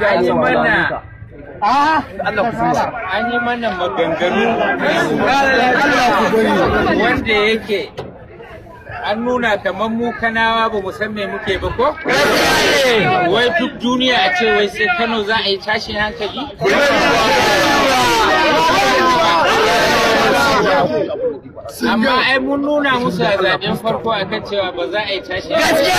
an yi mana mana maganganu wanda yake an nuna kamar mu kanawa ba mu san me muke ba ko? Wai duk duniya a ce wai sai Kano za a yi tashin hankali? Amma ai mun nuna musu a zaɓen farko akan cewa ba za a yi tashin hankali.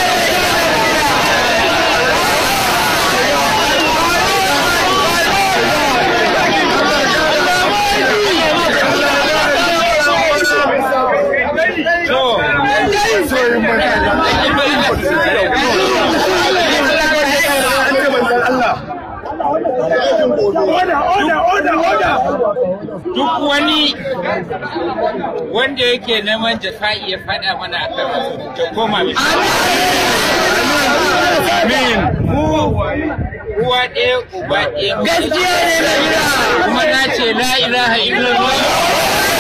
Duk wani wanda yake neman jafa'i ya faɗa mana a kan ta koma Amin. Uwa ɗaya uba ɗaya. Kuma na ce la ilaha illallah.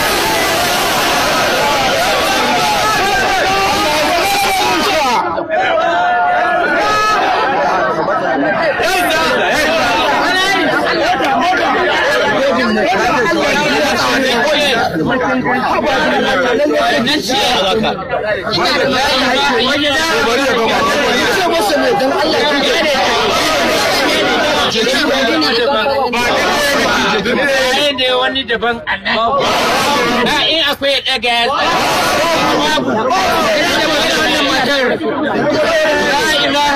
nan ce ya wani daban na in akwai ya ya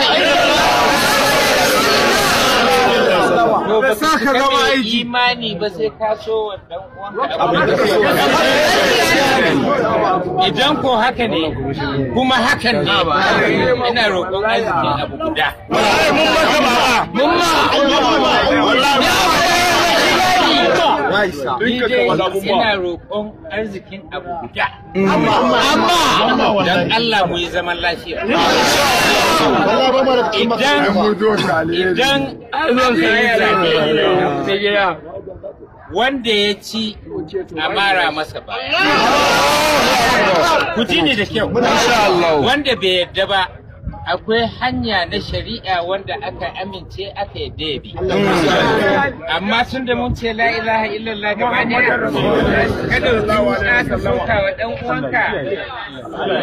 sa ka aiki imani ba sai ka so wannan uwan idan ko haka ne kuma haka ne ina roƙon arziki abu guda wallahi mun ba jama'a mun ma wallahi ina roƙon arzikin abu guda amma dan Allah mu yi zaman lafiya idan idan wanda ya ci a mara masa ba ku ji ni da kyau wanda bai yadda ba akwai hanya na shari'a wanda aka amince aka yadda ya bi amma sun da mun ce la ilaha illallah gaba ne kada ku ka sauka wa dan uwanka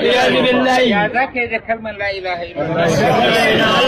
ya za ka yi da kalmar la ilaha illallah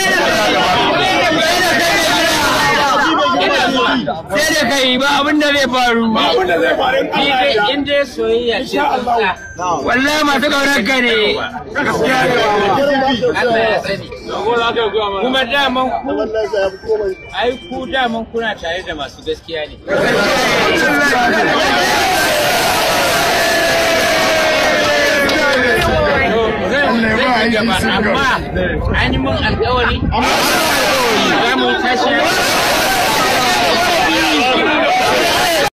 sai da kai ba abin da zai faru in dai soyayya ce wallahi masu kaunar ka ne kuma daman ku ai ku daman kuna tare da masu gaskiya ne Ama, daban amma an mun alkawari za mu kashe